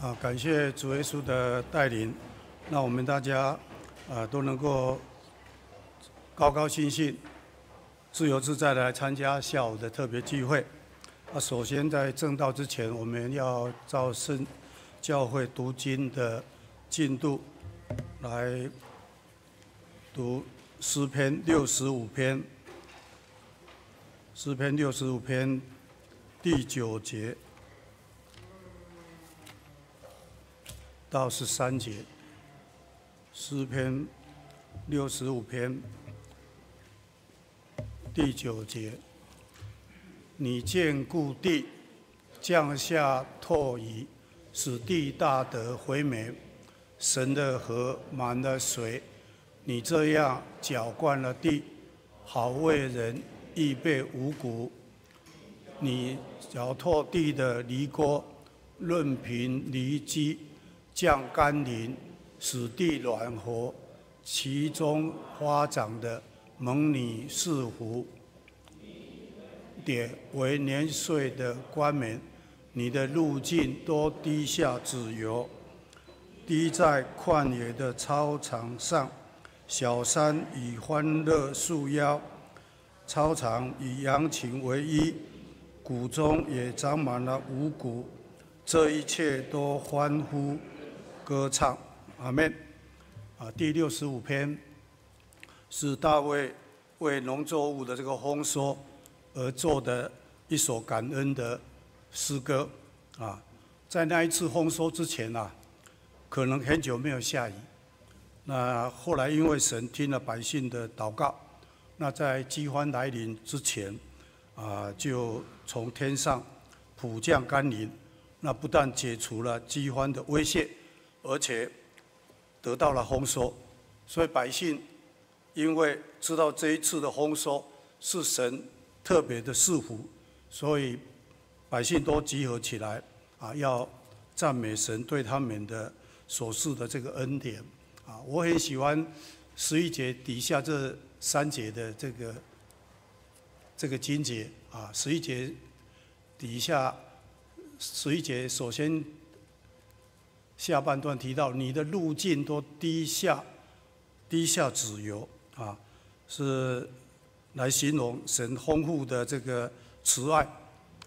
啊，感謝主耶穌的帶領，那我們大家啊都能夠高高興興、自由自在的來參加下午的特別聚會。啊，首先在正道之前，我們要照聖教會讀經的進度來讀詩篇六十五篇，詩篇六十五篇第九節。到十三節，詩篇六十五篇第九節。你眷顧地，降下透雨，使地大得肥美，神的河滿了水，你這樣澆灌了地，好為人預備五穀，你澆透地的犁溝，潤平犁脊。降甘霖，使地暖和，其中發長的蒙你賜福，典為年歲的冠冕，你的路徑都滴下脂油。滴在曠野的操場上，小山以歡樂束腰，操場以羊群為衣，谷中也長滿了五谷，這一切都歡呼。歌唱，阿門。啊，第六十五篇是大衛為農作物的這個豐收而做的一首感恩的詩歌。啊，在那一次豐收之前啊，可能很久沒有下雨。那後來因為神聽了百姓的禱告，那在饑荒來臨之前，啊，就從天上普降甘霖。那不但解除了饑荒的威脅。而且得到了豐收，所以百姓因為知道這一次的豐收是神特別的賜福，所以百姓都集合起來啊，要讚美神對他們的所示的這個恩典啊。我很喜歡十一節底下這三節的這個這個經節啊，十一節底下十一節首先。下半段提到，你的路徑都滴下滴下脂油啊，是來形容神豐富的這個慈愛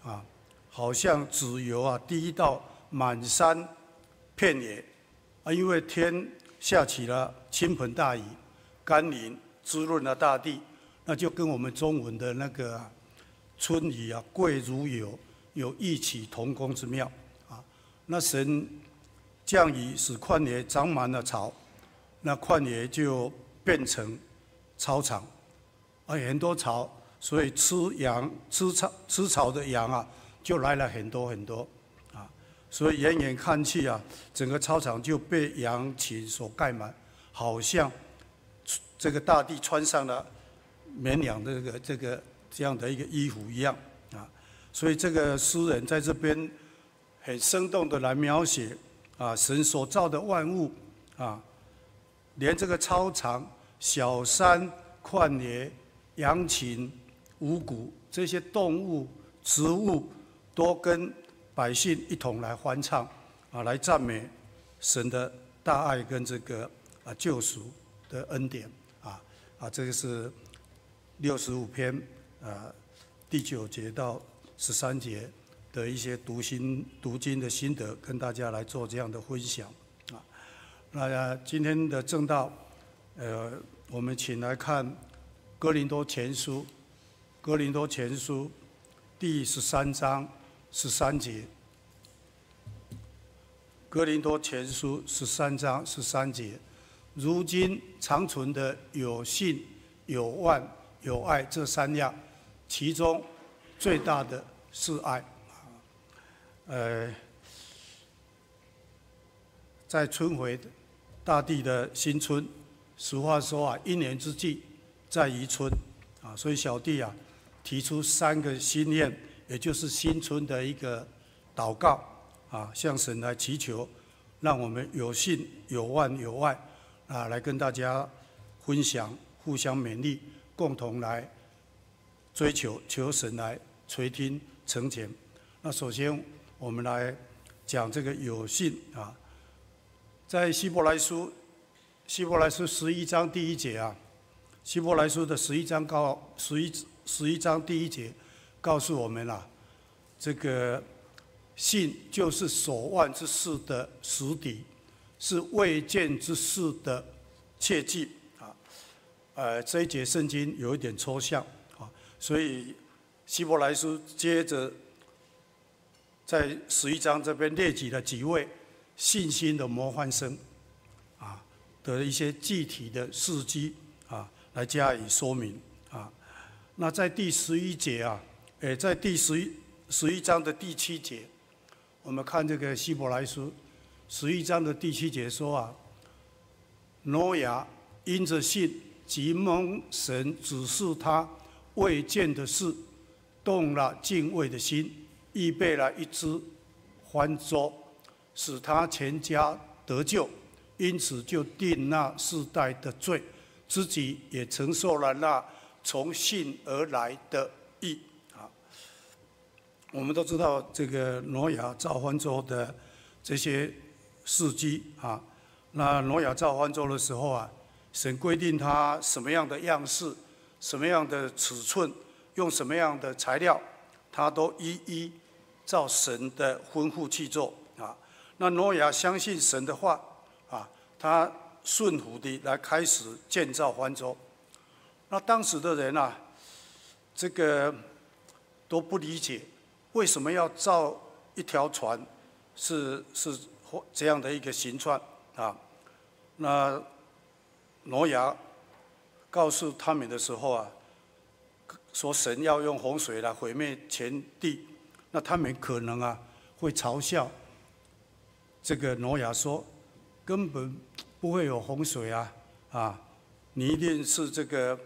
啊，好像脂油啊滴到滿山遍野，啊，因為天下起了傾盆大雨，甘霖滋潤了大地，那就跟我們中文的那個春雨啊貴、啊、如油有異曲同工之妙啊，那神。降雨使曠野長滿了草，那曠野就變成草場，而、哎、很多草，所以吃羊、吃草、吃草的羊啊，就來了很多很多，啊，所以遠遠看去啊，整個草場就被羊群所蓋滿，好像這個大地穿上了綿羊的這個這個這樣的一個衣服一樣，啊，所以這個詩人在這邊很生動的來描寫。啊，神所造的萬物啊，連這個草場、小山、曠野、羊群、五谷這些動物、植物，都跟百姓一同來歡唱啊，來讚美神的大愛跟這個啊救贖的恩典啊啊，這個是六十五篇啊，第九節到十三節。的一些讀心讀經的心得，跟大家來做這樣的分享啊。那、呃、今天的正道，呃，我們請來看哥《哥林多前書》《哥林多前書》第十三章十三節，《哥林多前書》十三章十三節，如今長存的有信、有望、有愛這三樣，其中最大的是愛。呃，在春回大地的新春，俗話說啊，一年之計在於春啊，所以小弟啊提出三個心願，也就是新春的一個禱告啊，向神來祈求，讓我們有信有望有愛啊，來跟大家分享，互相勉勵，共同來追求，求神來垂聽成全。那首先。我們來講這個有信啊，在希伯來書，希伯來書十一章第一節啊，希伯來書的十一章告十一十一章第一節告訴我們了啊，這個信就是所望之事的實底，是未見之事的確據啊。呃，這一節聖經有一點抽象啊，所以希伯來書接着。在十一章這邊列舉了幾位信心的模範生啊，啊的一些具體的事蹟啊來加以說明啊。那在第十一節啊，誒，在第十一十一章的第七節，我們看這個希伯來書十一章的第七節說啊，挪亞因着信，既蒙神指示他未見的事，動了敬畏的心。預備了一隻方舟，使他全家得救，因此就定那世代的罪，自己也承受了那從信而來的義。啊，我們都知道這個挪亞造方舟的這些事蹟啊。那挪亞造方舟的時候啊，神規定他什麼樣的樣式、什麼樣的尺寸、用什麼樣的材料，他都一一。照神的吩咐去做啊！那挪亞相信神的話啊，他順服地來開始建造方舟。那當時的人啊，這個都不理解為什麼要造一條船是，是是這樣的一個形狀啊。那挪亞告訴他們的時候啊，說神要用洪水來毀滅全地。那他們可能啊，會嘲笑這個挪亞說，根本不會有洪水啊！啊，你一定是這個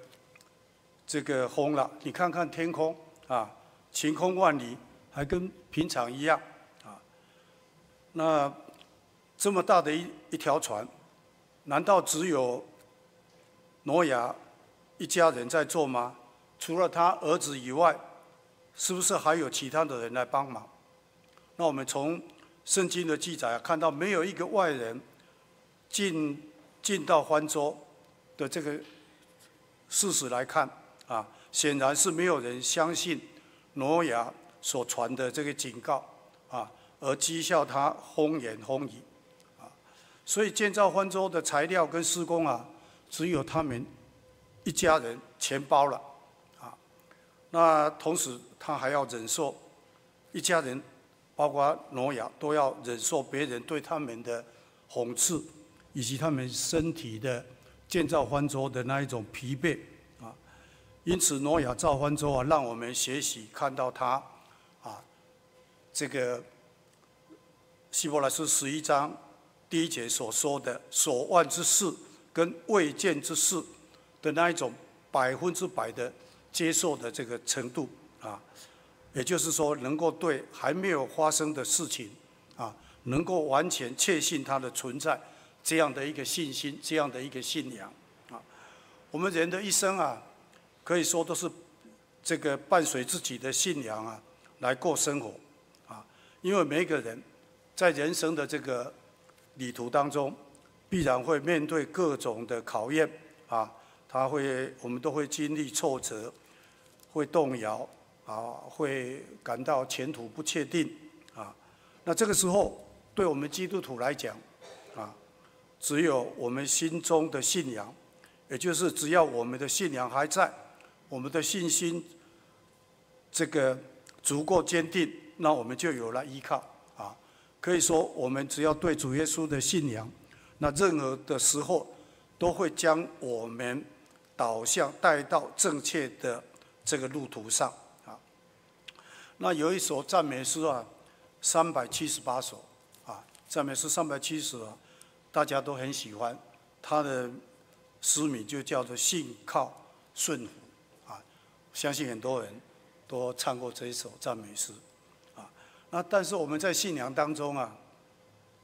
這個瘋了！你看看天空啊，晴空萬里，還跟平常一樣啊。那這麼大的一一條船，難道只有挪亞一家人在坐嗎？除了他兒子以外。是不是還有其他的人來幫忙？那我們從聖經的記載、啊、看到，沒有一個外人進進到方舟的這個事實來看，啊，顯然是沒有人相信諾亞所傳的這個警告，啊，而譏笑他瘋言瘋語，啊，所以建造方舟的材料跟施工啊，只有他們一家人全包了。那同時，他還要忍受一家人，包括挪亞，都要忍受別人對他們的諷刺，以及他們身體的建造方舟的那一種疲憊啊。因此，挪亞造方舟啊，讓我們學習看到他啊，這個希伯來書十一章第一節所說的所望之事跟未見之事的那一種百分之百的。接受的這個程度啊，也就是說，能夠對還沒有發生的事情啊，能夠完全確信它的存在，這樣的一個信心，這樣的一個信仰啊。我們人的一生啊，可以說都是這個伴隨自己的信仰啊來過生活啊。因為每一個人在人生的這個旅途當中，必然會面對各種的考驗啊，他會，我們都會經歷挫折。會動搖啊，會感到前途不確定啊。那這個時候，對我們基督徒來講啊，只有我們心中的信仰，也就是只要我們的信仰還在，我們的信心這個足夠堅定，那我們就有了依靠啊。可以說，我們只要對主耶穌的信仰，那任何的時候都會將我們導向帶到正確的。這個路途上啊，那有一首讚美詩啊，三百七十八首啊，讚美詩三百七十，大家都很喜歡，它的詩名就叫做“信靠順服”，啊，相信很多人都唱過這一首讚美詩，啊，那但是我們在信仰當中啊，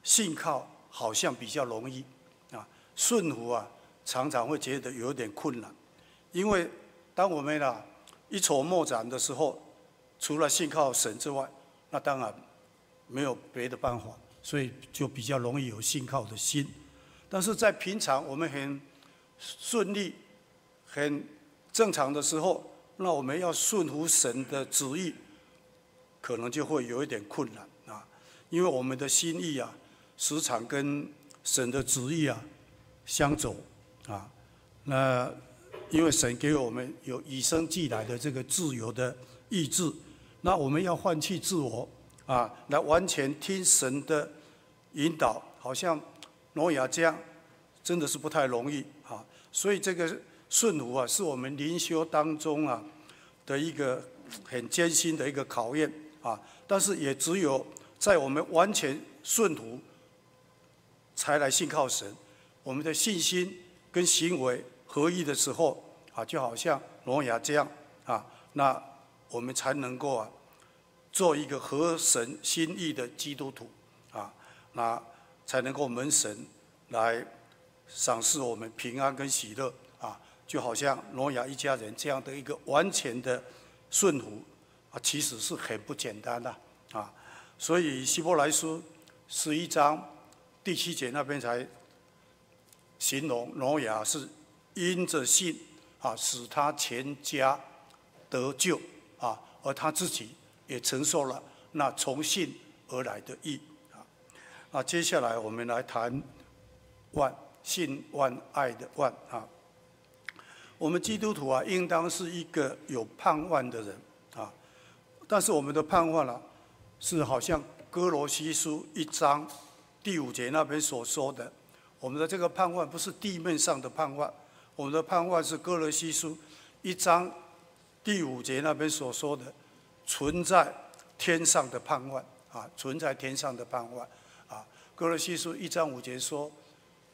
信靠好像比較容易，啊，順服啊常常會覺得有點困難，因為當我們呢、啊。一籌莫展的時候，除了信靠神之外，那當然沒有別的辦法，所以就比較容易有信靠的心。但是在平常我們很順利、很正常的時候，那我們要順服神的旨意，可能就會有一點困難啊，因為我們的心意啊，時常跟神的旨意啊相左啊，那。因為神給我們有與生俱來的這個自由的意志，那我們要放棄自我啊，來完全聽神的引導。好像挪亞這樣，真的是不太容易啊。所以這個順服啊，是我們靈修當中啊的一個很艱辛的一個考驗啊。但是也只有在我們完全順服，才來信靠神，我們的信心跟行為合一的時候啊，就好像挪亞這樣啊，那我們才能夠啊，做一個合神心意的基督徒啊，那才能夠蒙神來賞賜我們平安跟喜樂啊。就好像挪亞一家人這樣的一個完全的順服啊，其實是很不簡單的啊，啊。所以希伯來書十一章第七節那邊才形容挪亞是。因着信，啊，使他全家得救，啊，而他自己也承受了那從信而來的義，啊，那接下來我們來談望，信望愛的望，啊，我們基督徒啊，應當是一個有盼望的人，啊，但是我們的盼望呢，啊，是好像哥羅西書一章第五節那邊所說的，我們的這個盼望不是地面上的盼望。我們的盼望是歌羅西書一章第五節那邊所說的，存在天上的盼望啊，存在天上的盼望啊。歌羅西書一章五節說，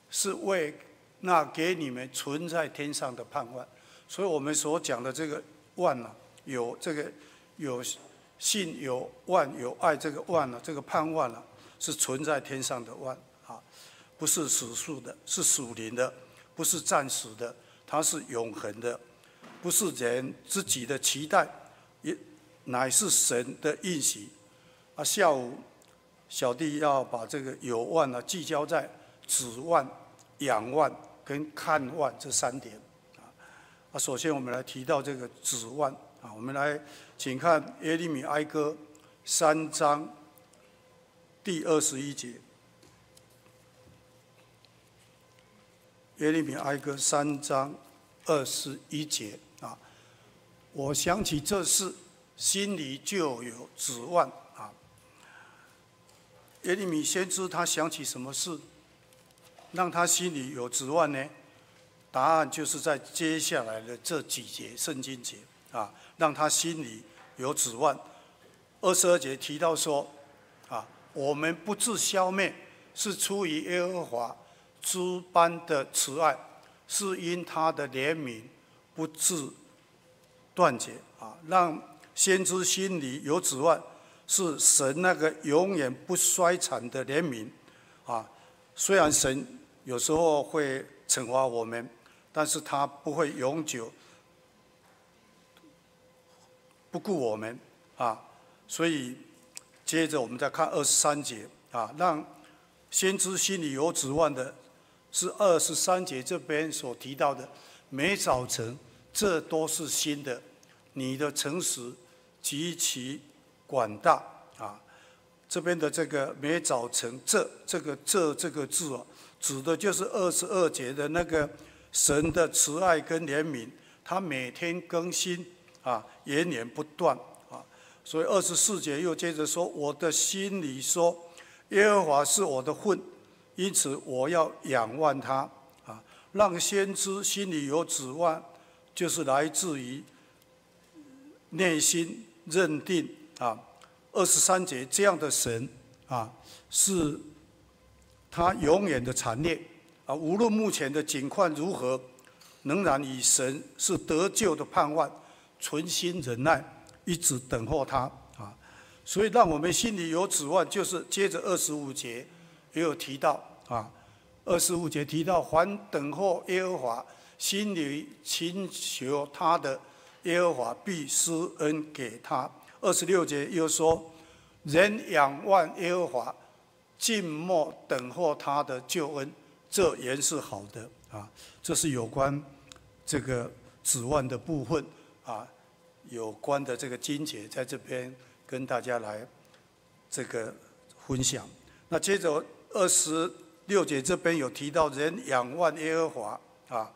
是為那給你們存在天上的盼望。所以我們所講的這個望呢、啊，有這個有信有望、有愛這、啊，這個望呢，這個盼望呢，是存在天上的望啊，不是屬世的，是屬靈的。不是暫時的，它是永恆的，不是人自己的期待，也乃是神的應許。啊，下午小弟要把這個有望啊，聚焦在指望、仰望跟看望這三點。啊，首先我們來提到這個指望啊，我們來請看耶利米哀歌三章第二十一節。耶利米哀歌三章二十一節啊，我想起這事，心裡就有指望啊。耶利米先知他想起什麼事，讓他心裡有指望呢？答案就是在接下來的這幾節聖經節啊，讓他心裡有指望。二十二節提到說，啊，我們不致消滅，是出於耶和華。諸般的慈愛，是因他的憐憫不致斷絕啊，讓先知心裡有指望，是神那個永遠不衰殘的憐憫啊。雖然神有時候會懲罰我們，但是他不會永久不顧我們啊。所以接着我們再看二十三節啊，讓先知心裡有指望的。是二十三節這邊所提到的，每早晨這都是新的，你的誠實極其廣大啊！這邊的這個每早晨這這個這這個字啊，指的就是二十二節的那個神的慈愛跟憐憫，他每天更新啊，延綿不斷啊。所以二十四節又接着說：“我的心裡說，耶和華是我的分。因此，我要仰望他，啊，讓先知心裡有指望，就是來自於內心認定啊，二十三節這樣的神，啊，是他永遠的慘念啊，無論目前的景況如何，仍然以神是得救的盼望，存心忍耐，一直等候他，啊，所以讓我們心裡有指望，就是接着二十五節。沒有提到啊，二十五節提到，凡等候耶和華，心裡請求他的耶和華必施恩給他。二十六節又說，人仰望耶和華，靜默等候他的救恩，這原是好的啊。這是有關這個指望的部分啊，有關的這個經節，在這邊跟大家來這個分享。那接着。二十六節這邊有提到人仰望耶和華啊，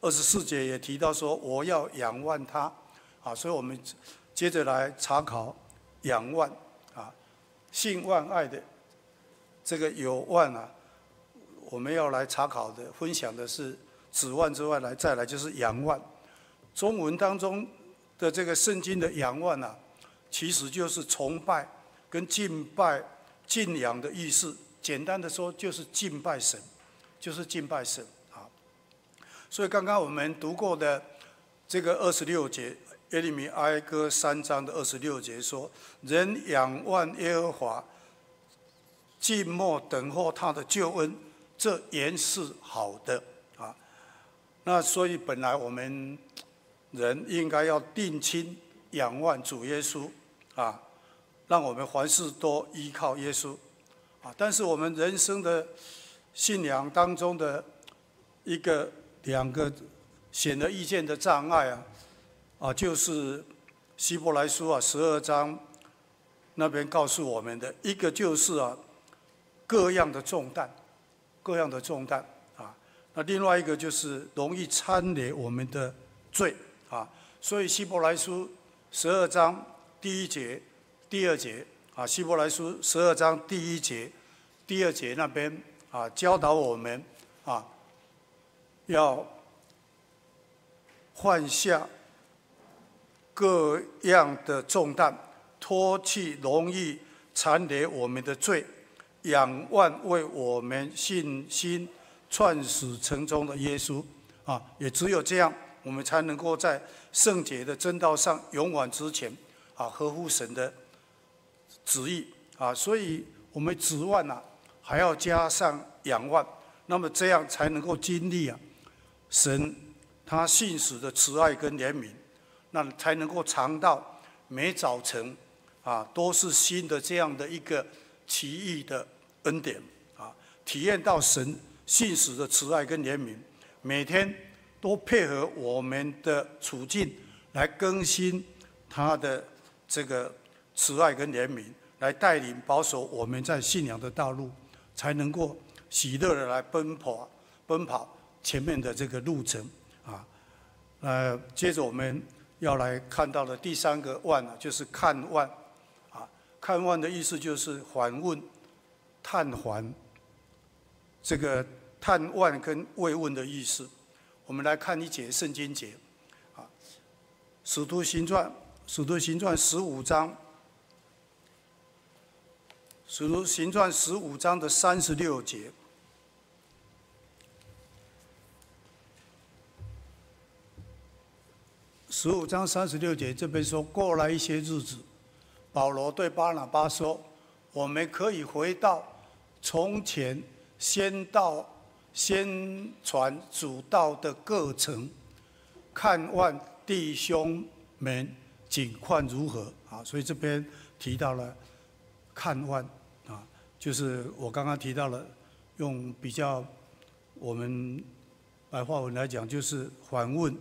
二十四節也提到說我要仰望他啊，所以我們接着來查考仰望啊，信望愛的這個有望啊，我們要來查考的分享的是指望之外，來再來就是仰望。中文當中的這個聖經的仰望啊，其實就是崇拜跟敬拜敬仰的意思。簡單的說，就是敬拜神，就是敬拜神啊。所以剛剛我們讀過的這個二十六節，耶利米哀歌三章的二十六節說：“人仰望耶和華，靜默等候他的救恩，這原是好的啊。”那所以本來我們人應該要定睛仰望主耶穌啊，讓我們凡事都依靠耶穌。但是我們人生的信仰當中的一個兩個顯而易見的障礙啊，啊，就是希伯來書啊十二章那邊告訴我們的一個就是啊各樣的重擔，各樣的重擔啊，那另外一個就是容易纏累我們的罪啊，所以希伯來書十二章第一節、第二節啊，希伯來書十二章第一節。第二節那邊啊，教導我們啊，要放下各樣的重擔，脫去容易纏累我們的罪，仰望為我們信心創始成終的耶穌啊，也只有這樣，我們才能夠在聖潔的正道上勇往直前啊，合乎神的旨意啊，所以我們指望吶、啊。還要加上仰望，那麼這樣才能夠經歷啊，神他信使的慈愛跟憐憫，那才能夠嚐到每早晨啊都是新的這樣的一個奇異的恩典啊，體驗到神信使的慈愛跟憐憫，每天都配合我們的處境來更新他的這個慈愛跟憐憫，來帶領保守我們在信仰的道路。才能夠喜樂的來奔跑，奔跑前面的這個路程，啊，呃，接着我們要來看到的第三個望、啊、就是看望，啊，看望的意思就是訪問、探訪，這個探望跟慰問的意思。我們來看一節聖經節，啊，使《使徒行傳》《使徒行傳》十五章。使徒行傳十五章的三十六節，十五章三十六節這邊說過了一些日子，保羅對巴拿巴說：“我們可以回到從前，先到先傳主道的各城，看望弟兄們情況如何。”啊，所以這邊提到了看望。就是我剛剛提到了，用比較我們白話文來講，就是訪問、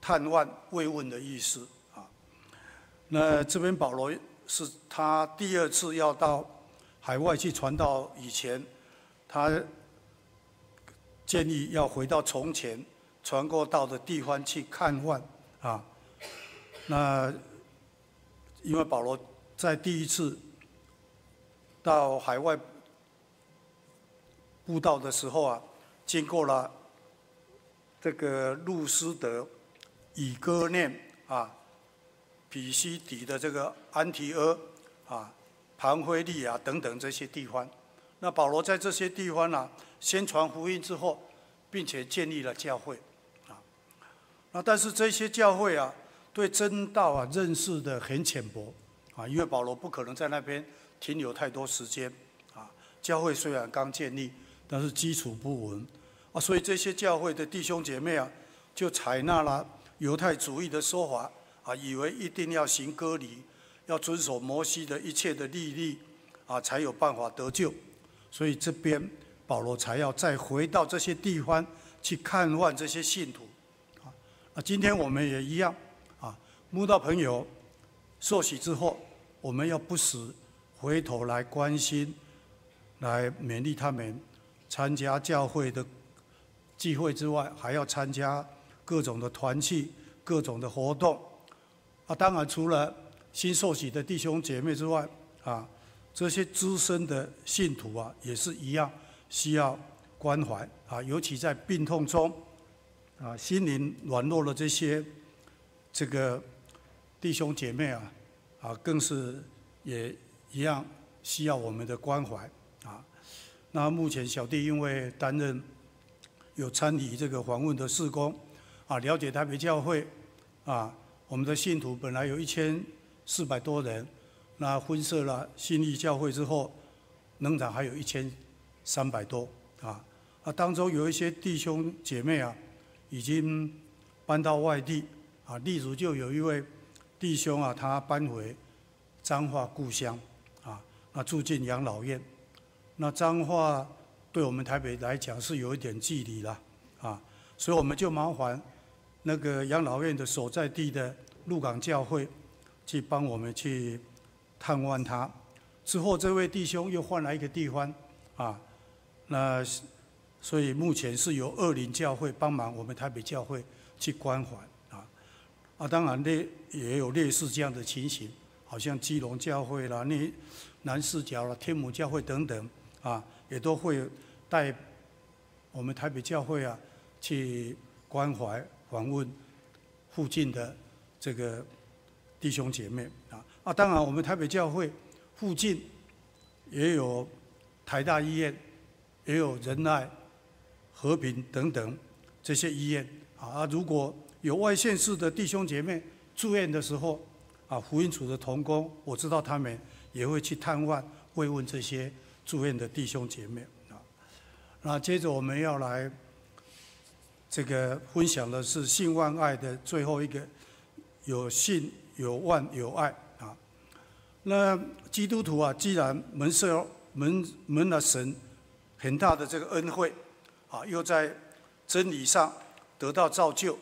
探望、慰問的意思啊。那這邊保羅是他第二次要到海外去傳道，以前他建議要回到從前傳過道的地方去看望啊。那因為保羅在第一次。到海外布道的時候啊，經過了這個路斯德、以哥念啊、比西底的這個安提阿啊、龐菲利啊等等這些地方。那保羅在這些地方呢、啊，宣傳福音之後，並且建立了教會啊。那但是這些教會啊，對真道啊認識得很淺薄啊，因為保羅不可能在那邊。停留太多時間，啊，教會雖然剛建立，但是基礎不穩，啊，所以這些教會的弟兄姐妹啊，就採納了猶太主義的說法，啊，以為一定要行割禮，要遵守摩西的一切的律例，啊，才有辦法得救，所以這邊保羅才要再回到這些地方去看望這些信徒，啊，那今天我們也一樣，啊，摸到朋友受洗之後，我們要不時。回頭來關心，來勉勵他們參加教會的聚會之外，還要參加各種的團契、各種的活動。啊，當然除了新受洗的弟兄姐妹之外，啊，這些資深的信徒啊，也是一樣需要關懷啊。尤其在病痛中，啊，心靈軟弱的這些這個弟兄姐妹啊，啊，更是也。一樣需要我們的關懷啊！那目前小弟因為擔任有參與這個訪問的事工啊，了解台北教會啊，我們的信徒本來有一千四百多人，那分設了信義教會之後，仍然還有一千三百多啊！啊，當中有一些弟兄姐妹啊，已經搬到外地啊，例如就有一位弟兄啊，他搬回彰化故鄉。啊，住進養老院，那彰化對我們台北來講是有一點距離了，啊，所以我們就麻煩那個養老院的所在地的鹿港教會去幫我們去探望他。之後這位弟兄又換了一個地方，啊，那所以目前是由二林教會幫忙我們台北教會去關懷，啊，啊，當然烈也有類似這樣的情形，好像基隆教會啦，那。南四教了天母教會等等啊，也都會帶我們台北教會啊去關懷訪問附近的這個弟兄姐妹啊，啊，當然我們台北教會附近也有台大醫院，也有仁愛和平等等這些醫院啊，啊，如果有外縣市的弟兄姐妹住院的時候啊，福音組的同工我知道他們。也會去探望慰問這些住院的弟兄姐妹啊。那接着我們要來這個分享的是信望愛的最後一個有信、有望、有愛啊。那基督徒啊，既然蒙受蒙蒙了神很大的這個恩惠，啊，又在真理上得到造就，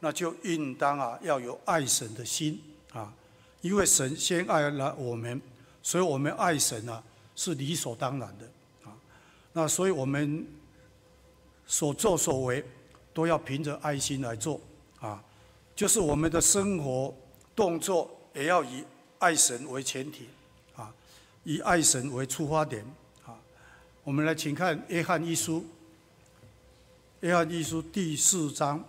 那就應當啊，要有愛神的心啊，因為神先愛了我們。所以，我們愛神啊，是理所當然的啊。那所以，我們所作所為都要憑着愛心來做啊。就是我們的生活、動作，也要以愛神為前提啊，以愛神為出發點啊。我們來，請看《約翰一書》，《約翰一書》第四章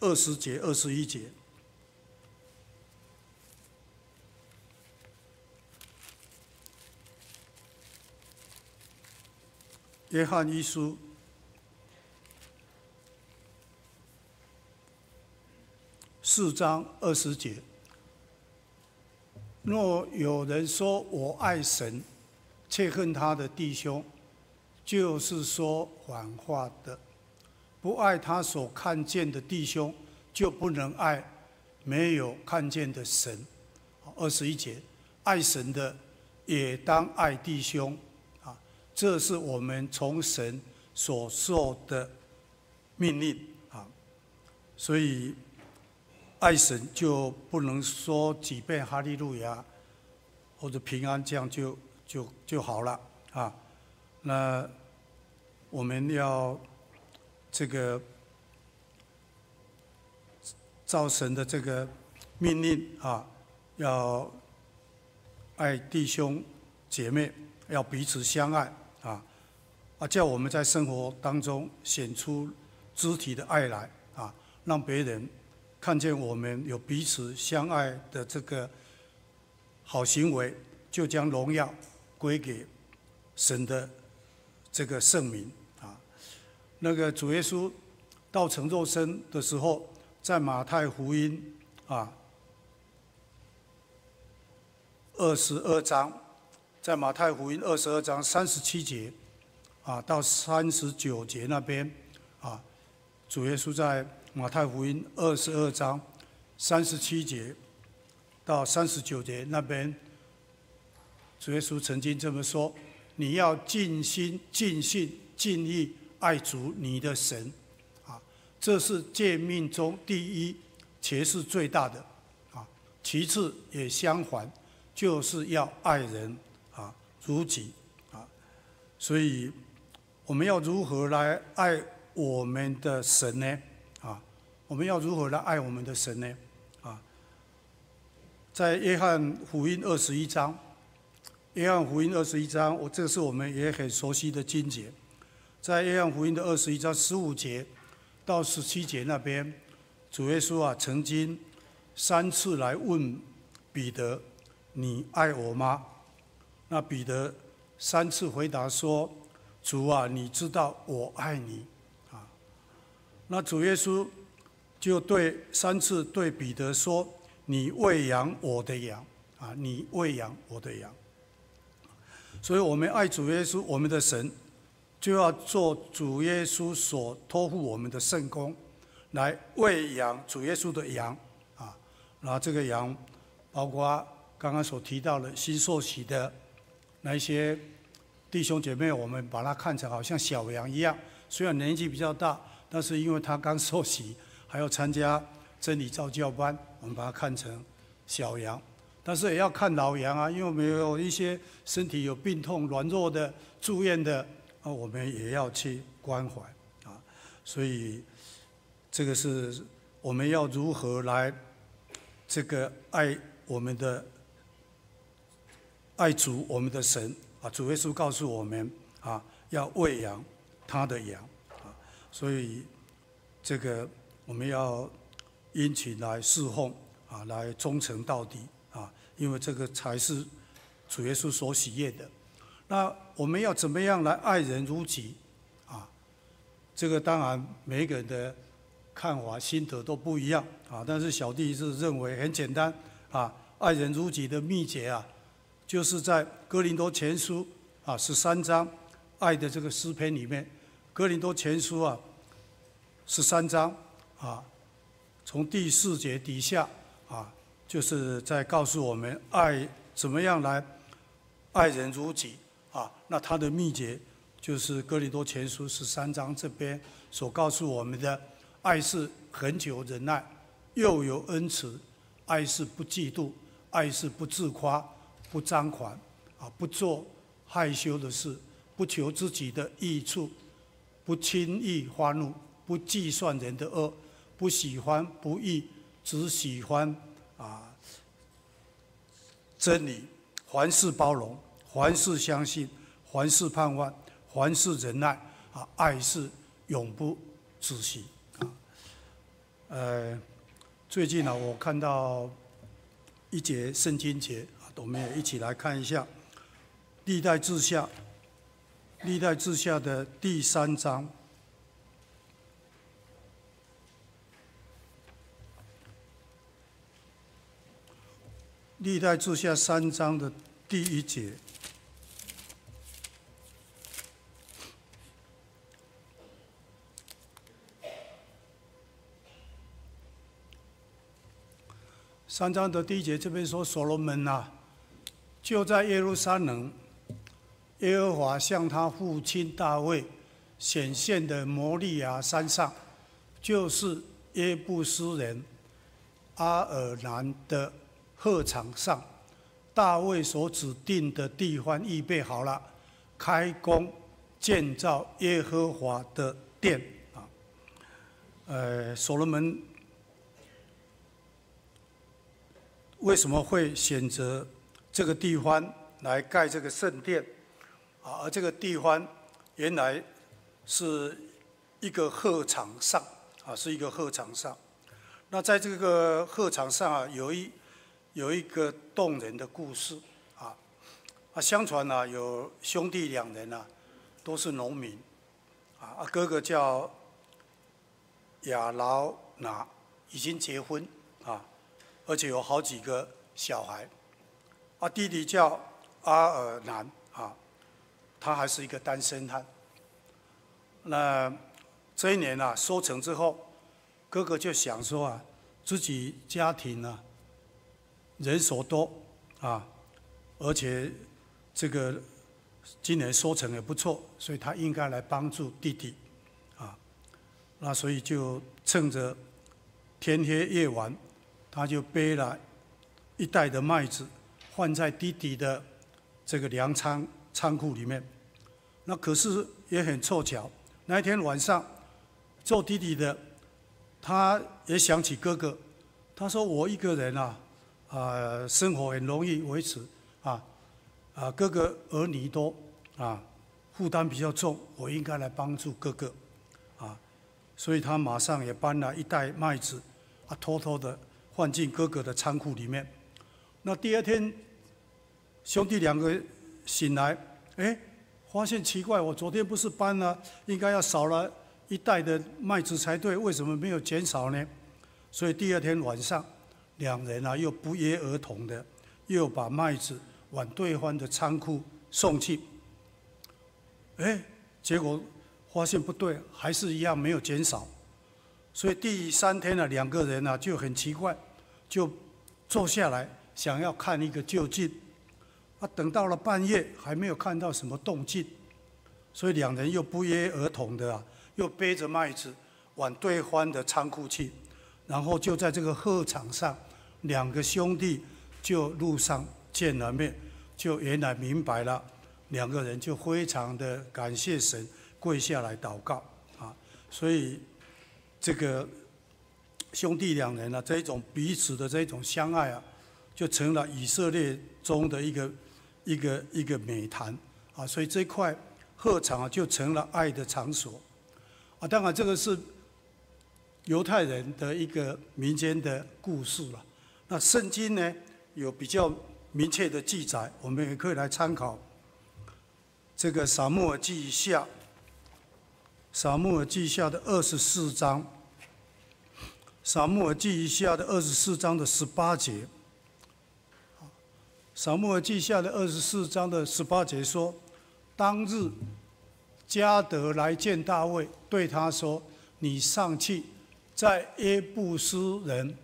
二十節、二十一節。約翰一書四章二十節：若有人說我愛神，卻恨他的弟兄，就是說謊話的；不愛他所看見的弟兄，就不能愛沒有看見的神。二十一節：愛神的，也當愛弟兄。這是我們從神所受的命令啊，所以愛神就不能說幾遍哈利路亞或者平安，這樣就就就好了啊。那我們要這個照神的這個命令啊，要愛弟兄姐妹，要彼此相愛。啊，叫我們在生活當中顯出肢體的愛來，啊，讓別人看見我們有彼此相愛的這個好行為，就將榮耀歸給神的這個聖名啊，那個主耶穌道成肉身的時候，在馬太福音啊二十二章，在馬太福音二十二章三十七節。啊，到三十九節那邊，啊，主耶穌在馬太福音二十二章三十七節到三十九節那邊，主耶穌曾經這麼說：“你要盡心、盡性、盡意愛主你的神。”啊，這是誡命中第一，且是最大的。啊，其次也相仿，就是要愛人啊，如己啊，所以。我們要如何來愛我們的神呢？啊，我們要如何來愛我們的神呢？啊，在約翰福音二十一章，約翰福音二十一章，我這是我們也很熟悉的經節，在約翰福音的二十一章十五節到十七節那邊，主耶穌啊，曾經三次來問彼得：“你愛我嗎？”那彼得三次回答說：主啊，你知道我愛你，啊，那主耶穌就對三次對彼得說：“你餵養我的羊，啊，你餵養我的羊。”所以，我們愛主耶穌，我們的神就要做主耶穌所托付我們的聖工，來餵養主耶穌的羊，啊，那這個羊，包括剛剛所提到的新受洗的那些，弟兄姐妹，我們把它看成好像小羊一樣，雖然年紀比較大，但是因為他剛受洗，還要參加真理造就班，我們把它看成小羊，但是也要看老羊啊，因為我們有一些身體有病痛，軟弱的住院的啊，我們也要去關懷啊，所以這個是我們要如何來這個愛我們的愛主我們的神。啊，主耶穌告訴我們，啊，要餵養他的羊，啊，所以這個我們要殷勤來侍奉，啊，來忠誠到底，啊，因為這個才是主耶穌所喜悅的。那我們要怎麼樣來愛人如己？啊，這個當然每個人的看法、心得都不一樣，啊，但是小弟是認為很簡單，啊，愛人如己的秘訣啊。就是在《哥林多前書》啊十三章《愛的這個詩篇》裡面，《哥林多前書》啊十三章啊，從第四節底下啊，就是在告訴我們愛怎麼樣來愛人如己啊。那他的秘訣就是《哥林多前書》十三章這邊所告訴我們的：愛是恆久忍耐，又有恩慈；愛是不嫉妒；愛是不自誇。不張狂，啊，不做害羞的事，不求自己的益處，不輕易發怒，不計算人的惡，不喜歡不義，只喜歡啊真理，凡事包容，凡事相信，凡事盼望，凡事忍耐，啊，愛是永不止息，啊，呃，最近呢，啊，我看到一節聖經節。我們也一起來看一下《歷代志下》，《歷代志下》的第三章，《歷代志下》三章的第一節。三章的第一節，這邊說所羅門吶、啊。就在耶路撒冷，耶和華向他父親大衛顯現的摩利亞山上，就是耶布斯人阿爾南的禾場上，大衛所指定的地方預備好了，開工建造耶和華的殿啊。呃，所羅門為什麼會選擇這個地方來蓋這個聖殿，啊，而這個地方原來是一個禾場上，啊，是一個禾場上。那在這個禾場上啊，有一有一個動人的故事，啊，啊，相傳呢、啊，有兄弟兩人呢、啊，都是農民，啊，哥哥叫亞勞拿，已經結婚啊，而且有好幾個小孩。啊，弟弟叫阿爾南啊，他還是一個單身漢。那這一年呢、啊，收成之後，哥哥就想說啊，自己家庭呢、啊，人手多啊，而且這個今年收成也不錯，所以他應該來幫助弟弟啊。那所以就趁着天黑夜晚，他就背了一袋的麥子。放在弟弟的這個糧倉倉庫裡面，那可是也很湊巧。那天晚上，做弟弟的他也想起哥哥，他說：“我一個人啊，啊、呃，生活很容易維持啊，啊，哥哥兒女多啊，負擔比較重，我應該來幫助哥哥，啊，所以他馬上也搬了一袋麥子，啊，偷偷的換進哥哥的倉庫裡面。”那第二天，兄弟兩個醒來，哎，發現奇怪，我昨天不是搬了、啊，應該要少了一袋的麥子才對，為什麼沒有減少呢？所以第二天晚上，兩人啊又不約而同的，又把麥子往對方的倉庫送去。哎，結果發現不對，還是一樣沒有減少，所以第三天呢、啊，兩個人呢、啊、就很奇怪，就坐下來。想要看一個究竟，啊，等到了半夜還沒有看到什麼動靜，所以兩人又不約而同的啊，又背着麥子往對方的倉庫去，然後就在這個禾場上，兩個兄弟就路上見了面，就原來明白了，兩個人就非常的感謝神，跪下來禱告啊，所以這個兄弟兩人啊，這種彼此的這種相愛啊。就成了以色列中的一個一個一個美談啊，所以這塊禾場啊，就成了愛的場所啊。當然，這個是猶太人的一個民間的故事了、啊。那聖經呢，有比較明確的記載，我們也可以來參考這個撒末《撒母耳記一下》《撒母耳記一下的二十四章》《撒母耳記下的二十四章的十八節》。撒母耳記下的二十四章的十八節說：“當日迦得來見大衛，對他說：‘你上去在耶布斯人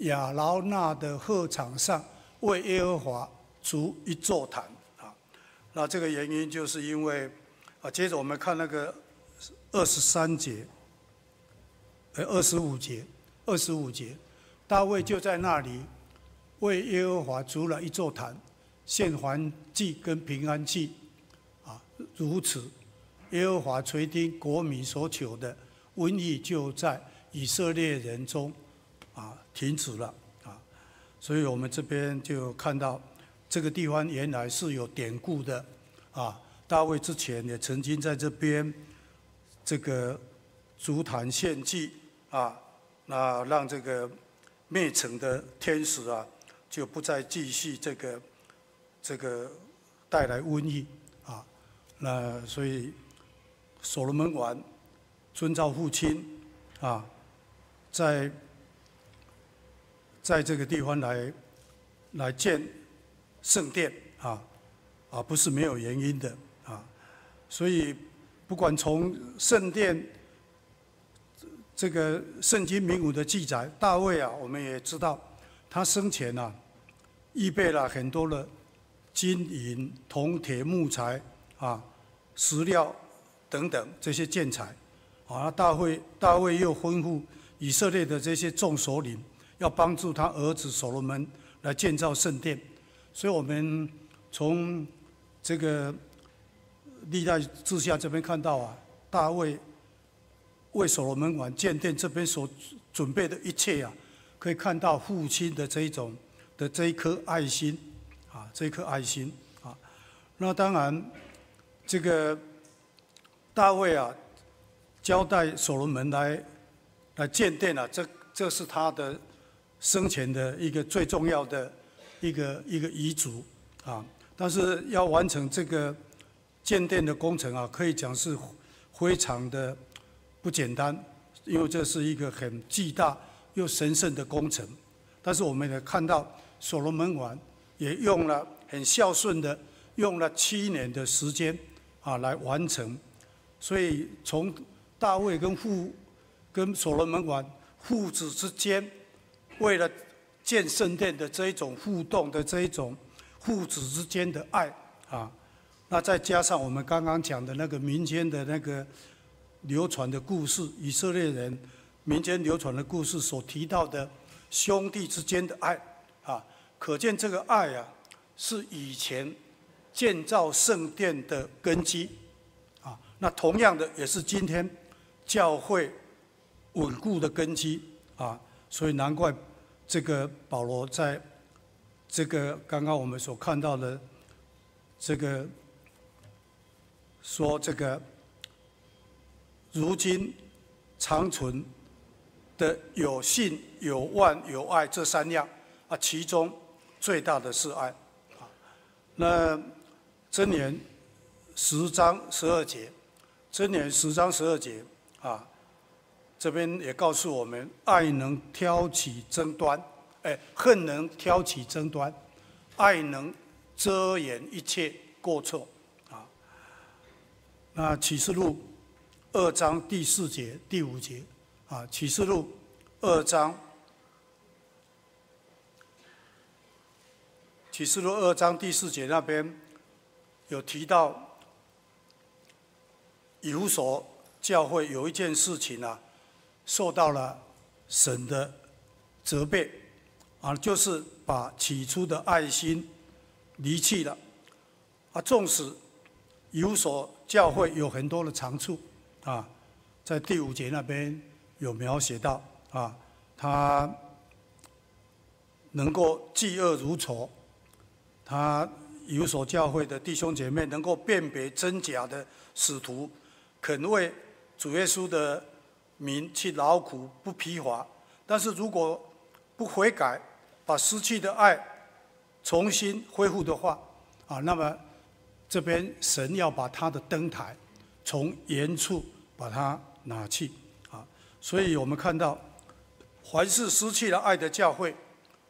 亞勞拿的禾場上為耶和華築一座壇。’”啊，那這個原因就是因為啊。接着我們看那個二十三節，呃，二十五節，二十五節，大衛就在那裡。”為耶和華築了一座壇，獻燔祭跟平安祭，啊，如此，耶和華垂聽國民所求的，瘟疫就在以色列人中，啊，停止了，啊，所以我們這邊就看到，這個地方原來是有典故的，啊，大衛之前也曾經在這邊，這個，築壇獻祭，啊，那讓這個滅城的天使啊。就不再繼續這個這個帶來瘟疫啊，那所以所羅門王遵照父親啊，在在這個地方來來建聖殿啊，啊不是沒有原因的啊，所以不管從聖殿這個聖經明文的記載，大衛啊，我們也知道。他生前吶、啊，預備了很多的金銀、銅鐵、木材啊、石料等等這些建材。啊，大衛，大衛又吩咐以色列的這些眾首領，要幫助他兒子所羅門來建造聖殿。所以，我們從這個歷代志下這邊看到啊，大衛為所羅門王建殿這邊所準備的一切啊。可以看到父親的這一種的這一顆愛心，啊，這一顆愛心，啊，那當然，這個大衛啊，交代所羅門來來建殿啊，這這是他的生前的一個最重要的一個一個遺囑啊，但是要完成這個建殿的工程啊，可以講是非常的不簡單，因為這是一個很巨大。又神聖的工程，但是我們也看到所羅門王也用了很孝順的，用了七年的時間啊，來完成，所以從大衛跟父跟所羅門王父子之間為了建聖殿的這一種互動的這一種父子之間的愛啊，那再加上我們剛剛講的那個民間的那個流傳的故事，以色列人。民間流傳的故事所提到的兄弟之間的愛，啊，可見這個愛啊，是以前建造聖殿的根基，啊，那同樣的也是今天教會穩固的根基，啊，所以難怪這個保羅在這個剛剛我們所看到的這個說這個如今長存。的有信有望、有愛這三樣啊，其中最大的是愛啊。那箴言十章十二節，箴言十章十二節啊，這邊也告訴我們：愛能挑起爭端，哎，恨能挑起爭端；愛能遮掩一切過錯啊。那啟示錄二章第四節第五節。啊，《啟示錄》二章，《啟示錄》二章第四節那邊有提到，以弗所教會有一件事情啊，受到了神的責備，啊，就是把起初的愛心離棄了。啊，縱使以弗所教會有很多的長處，啊，在第五節那邊。有描寫到啊，他能夠嫉惡如仇，他有所教誨的弟兄姐妹能夠辨別真假的使徒，肯為主耶穌的名去勞苦不疲乏。但是如果不悔改，把失去的愛重新恢復的話啊，那麼這邊神要把他的燈台從原處把它拿去。所以我們看到，凡是失去了愛的教會，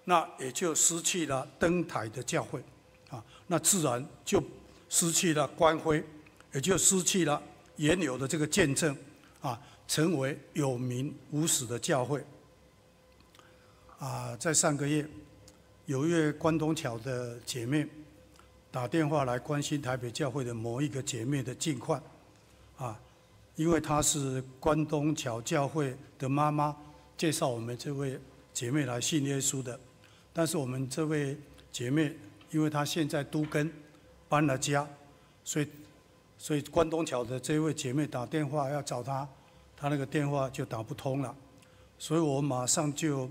那也就失去了燈臺的教會，啊，那自然就失去了光輝，也就失去了原有的這個見證，啊，成為有名無實的教會。啊，在上個月，有一位關東橋的姐妹打電話來關心台北教會的某一個姐妹的近況。因為她是關東橋教會的媽媽，介紹我們這位姐妹來信耶穌的。但是我們這位姐妹，因為她現在都跟搬了家，所以所以關東橋的這位姐妹打電話要找她，她那個電話就打不通了。所以我馬上就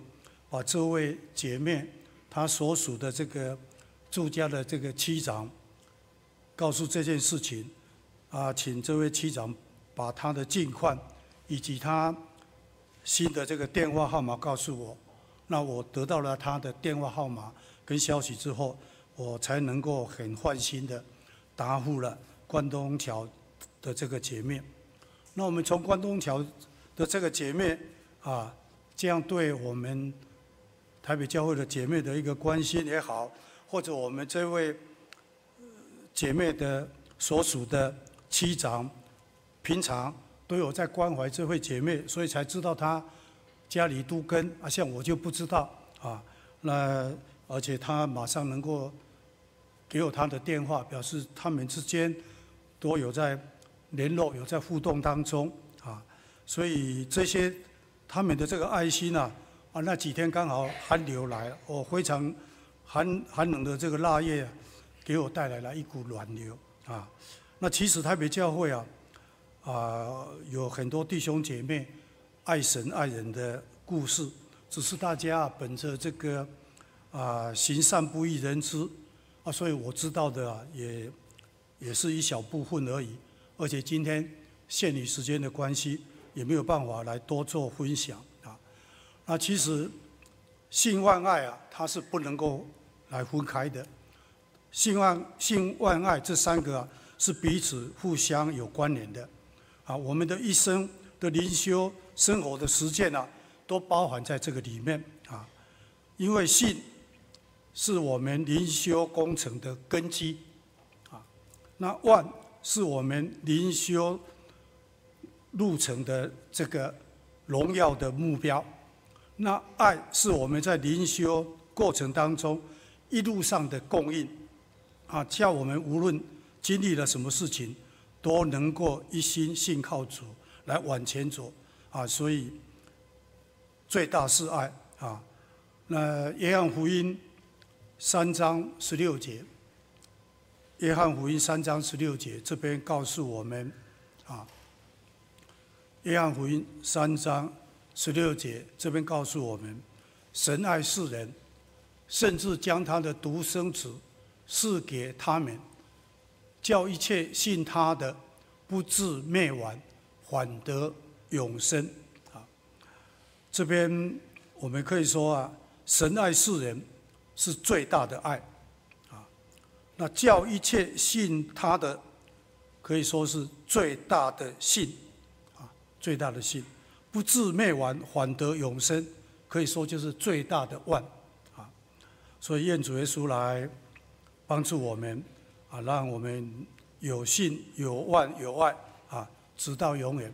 把這位姐妹她所屬的這個住家的這個區長告訴這件事情，啊，請這位區長。把他的近況以及他新的這個電話號碼告訴我，那我得到了他的電話號碼跟消息之後，我才能夠很放心的答復了關東橋的這個姐妹。那我們從關東橋的這個姐妹啊，這樣對我們台北教會的姐妹的一個關心也好，或者我們這位姐妹的所屬的區長，平常都有在關懷這位姐妹，所以才知道她家裡都跟啊，像我就不知道啊。那而且她馬上能夠給我她的電話，表示他們之間都有在聯絡、有在互動當中啊。所以這些他們的這個愛心啊啊，那幾天剛好寒流來，哦，非常寒寒冷的這個臘月啊，給我帶來了一股暖流啊。那其實台北教會啊。啊、呃，有很多弟兄姐妹愛神愛人的故事，只是大家、啊、本着這個啊、呃、行善不欲人知啊，所以我知道的、啊、也也是一小部分而已。而且今天限於時間的關係，也沒有辦法來多做分享啊。那其實信、望愛啊，它是不能夠來分開的。信望信望愛這三個啊，是彼此互相有關聯的。啊，我們的一生的靈修生活的實踐呢，都包含在這個裡面啊。因為信是我們靈修工程的根基啊。那望是我們靈修路程的這個榮耀的目標。那愛是我們在靈修過程當中一路上的供應啊，叫我們無論經歷了什麼事情，都能夠一心信靠主來往前走啊！所以最大是愛啊！那約翰福音三章十六節，約翰福音三章十六節這邊告訴我們啊，約翰福音三章十六節這邊告訴我們，神愛世人，甚至將他的獨生子賜給他們。叫一切信他的，不至滅亡，反得永生。啊，這邊我們可以說啊，神愛世人是最大的愛。啊，那叫一切信他的，可以說是最大的信。啊，最大的信，不至滅亡，反得永生，可以說就是最大的望。啊，所以願主耶穌來幫助我們。啊，讓我們有信、有望、有愛啊，直到永遠。